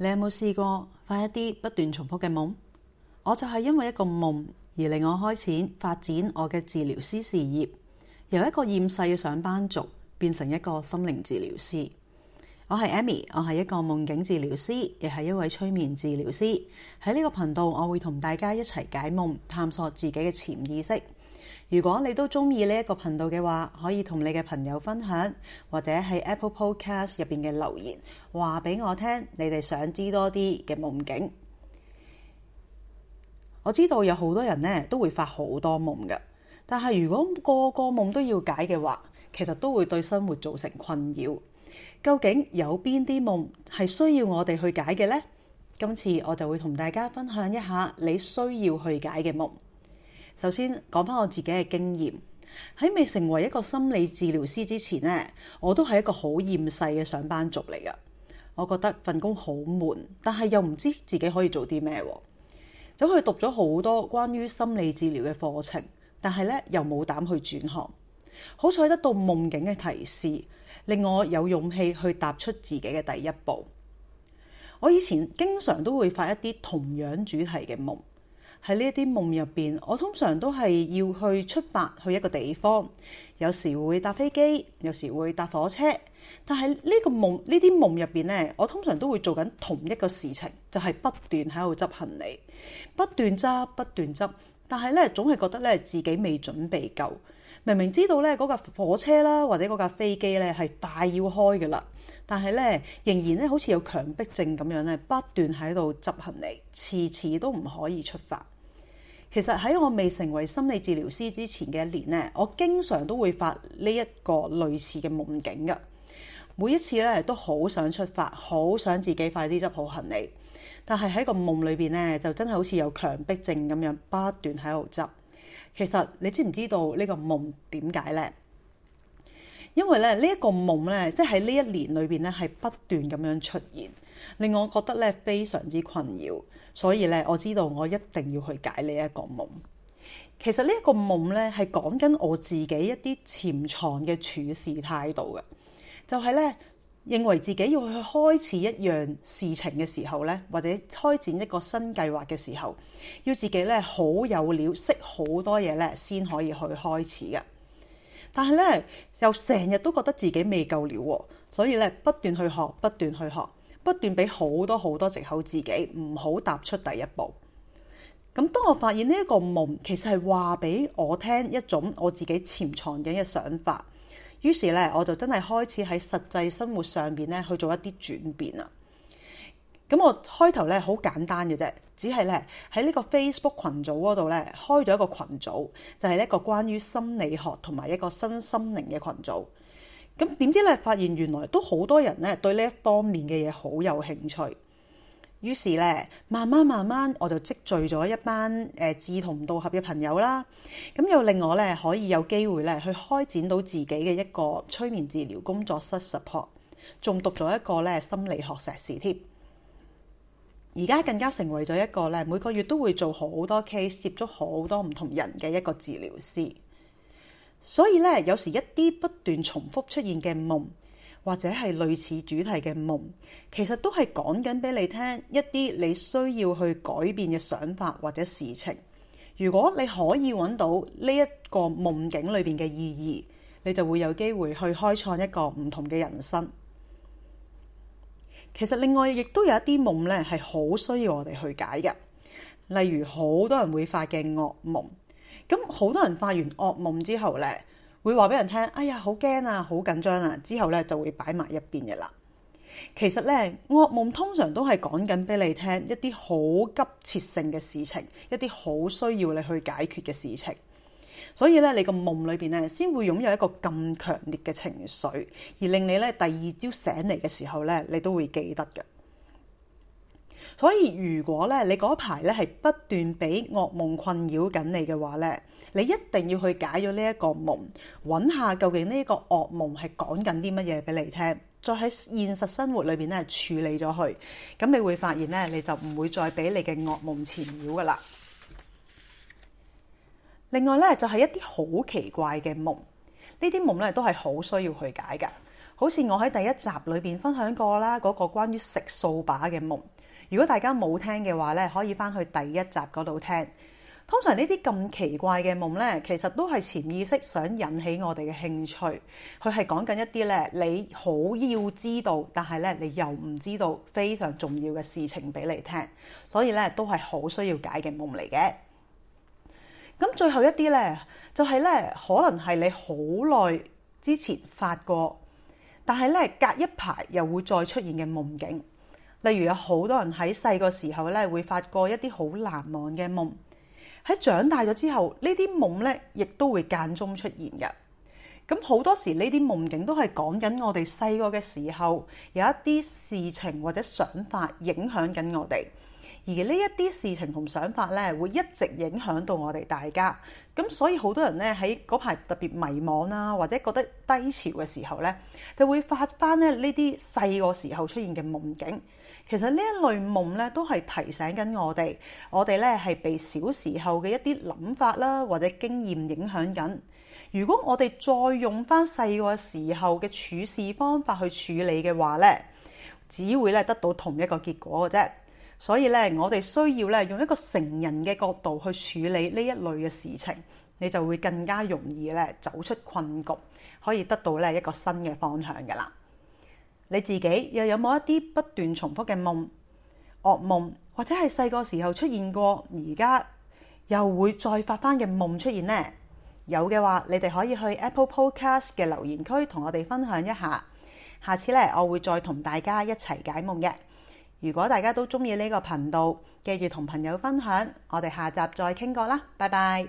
你有冇試過發一啲不斷重複嘅夢？我就係因為一個夢而令我開始發展我嘅治療師事業，由一個厭世嘅上班族變成一個心靈治療師。我係 Amy，我係一個夢境治療師，亦係一位催眠治療師。喺呢個頻道，我會同大家一齊解夢，探索自己嘅潛意識。如果你都中意呢一個頻道嘅話，可以同你嘅朋友分享，或者喺 Apple Podcast 入邊嘅留言話俾我聽，你哋想知多啲嘅夢境。我知道有好多人呢都會發好多夢噶，但係如果個個夢都要解嘅話，其實都會對生活造成困擾。究竟有邊啲夢係需要我哋去解嘅呢？今次我就會同大家分享一下你需要去解嘅夢。首先講翻我自己嘅經驗，喺未成為一個心理治療師之前呢，我都係一個好厭世嘅上班族嚟噶。我覺得份工好悶，但係又唔知自己可以做啲咩，走去讀咗好多關於心理治療嘅課程，但係咧又冇膽去轉行。好彩得到夢境嘅提示，令我有勇氣去踏出自己嘅第一步。我以前經常都會發一啲同樣主題嘅夢。.喺呢一啲夢入邊，我通常都係要去出發去一個地方，有時會搭飛機，有時會搭火車。但係呢個夢呢啲夢入邊呢，我通常都會做緊同一個事情，就係、是、不斷喺度執行李，不斷揸，不斷執，但係呢，總係覺得呢，自己未準備夠。明明知道呢，嗰、那、架、個、火車啦，或者嗰架飛機呢，係快要開㗎喇。但係咧，仍然咧好似有強迫症咁樣咧，不斷喺度執行李，次次都唔可以出發。其實喺我未成為心理治療師之前嘅一年咧，我經常都會發呢一個類似嘅夢境㗎。每一次咧都好想出發，好想自己快啲執好行李，但係喺個夢裏邊咧，就真係好似有強迫症咁樣不斷喺度執。其實你知唔知道呢個夢點解呢？因為咧呢一個夢咧，即係喺呢一年裏邊呢，係不斷咁樣出現，令我覺得呢非常之困擾。所以呢，我知道我一定要去解呢一個夢。其實呢一個夢咧係講緊我自己一啲潛藏嘅處事態度嘅，就係呢，認為自己要去開始一樣事情嘅時候呢，或者開展一個新計劃嘅時候，要自己呢，好有料，識好多嘢呢，先可以去開始嘅。但係咧，又成日都覺得自己未夠料，所以咧不斷去學，不斷去學，不斷俾好多好多藉口自己唔好踏出第一步。咁當我發現呢一個夢其實係話俾我聽一種我自己潛藏緊嘅想法，於是咧我就真係開始喺實際生活上邊咧去做一啲轉變啦。咁我開頭咧好簡單嘅啫，只係咧喺呢個 Facebook 群組嗰度咧開咗一個群組，就係一個關於心理學同埋一個新心靈嘅群組。咁點知咧，發現原來都好多人咧對呢一方面嘅嘢好有興趣。於是咧，慢慢慢慢我就積聚咗一班誒、呃、志同道合嘅朋友啦。咁又令我咧可以有機會咧去開展到自己嘅一個催眠治療工作室 support。仲讀咗一個咧心理學碩士添。而家更加成為咗一個咧，每個月都會做好多 case，接觸好多唔同人嘅一個治療師。所以咧，有時一啲不斷重複出現嘅夢，或者係類似主題嘅夢，其實都係講緊俾你聽一啲你需要去改變嘅想法或者事情。如果你可以揾到呢一個夢境裏邊嘅意義，你就會有機會去開創一個唔同嘅人生。其實另外亦都有一啲夢呢，係好需要我哋去解嘅，例如好多人會發嘅噩夢，咁好多人發完噩夢之後呢，會話俾人聽：「哎呀，好驚啊，好緊張啊。」之後呢，就會擺埋一邊嘅啦。其實呢，噩夢通常都係講緊俾你聽一啲好急切性嘅事情，一啲好需要你去解決嘅事情。所以咧，你個夢裏邊咧，先會擁有一個咁強烈嘅情緒，而令你咧第二朝醒嚟嘅時候咧，你都會記得嘅。所以如果咧你嗰排咧係不斷俾噩夢困擾緊你嘅話咧，你一定要去解咗呢一個夢，揾下究竟呢個噩夢係講緊啲乜嘢俾你聽，再喺現實生活裏邊咧處理咗佢，咁你會發現咧你就唔會再俾你嘅噩夢纏繞噶啦。另外咧，就係一啲好奇怪嘅夢，呢啲夢咧都係好需要去解嘅。好似我喺第一集裏邊分享過啦，嗰個關於食掃把嘅夢。如果大家冇聽嘅話咧，可以翻去第一集嗰度聽。通常呢啲咁奇怪嘅夢咧，其實都係潛意識想引起我哋嘅興趣。佢係講緊一啲咧，你好要知道，但係咧你又唔知道非常重要嘅事情俾你聽。所以咧，都係好需要解嘅夢嚟嘅。咁最後一啲呢，就係呢，可能係你好耐之前發過，但係呢，隔一排又會再出現嘅夢境。例如有好多人喺細個時候呢，會發過一啲好難忘嘅夢，喺長大咗之後，呢啲夢呢，亦都會間中出現嘅。咁好多時呢啲夢境都係講緊我哋細個嘅時候有一啲事情或者想法影響緊我哋。而呢一啲事情同想法咧，會一直影響到我哋大家。咁所以好多人咧喺嗰排特別迷茫啦、啊，或者覺得低潮嘅時候咧，就會發翻咧呢啲細個時候出現嘅夢境。其實呢一類夢咧，都係提醒緊我哋，我哋咧係被小時候嘅一啲諗法啦、啊，或者經驗影響緊。如果我哋再用翻細個時候嘅處事方法去處理嘅話咧，只會咧得到同一個結果嘅啫。所以咧，我哋需要咧用一個成人嘅角度去處理呢一類嘅事情，你就會更加容易咧走出困局，可以得到咧一個新嘅方向㗎喇。你自己又有冇一啲不斷重複嘅夢、噩夢，或者係細個時候出現過，而家又會再發返嘅夢出現呢？有嘅話，你哋可以去 Apple Podcast 嘅留言區同我哋分享一下。下次咧，我會再同大家一齊解夢嘅。如果大家都鍾意呢個頻道，記住同朋友分享，我哋下集再傾過啦，拜拜。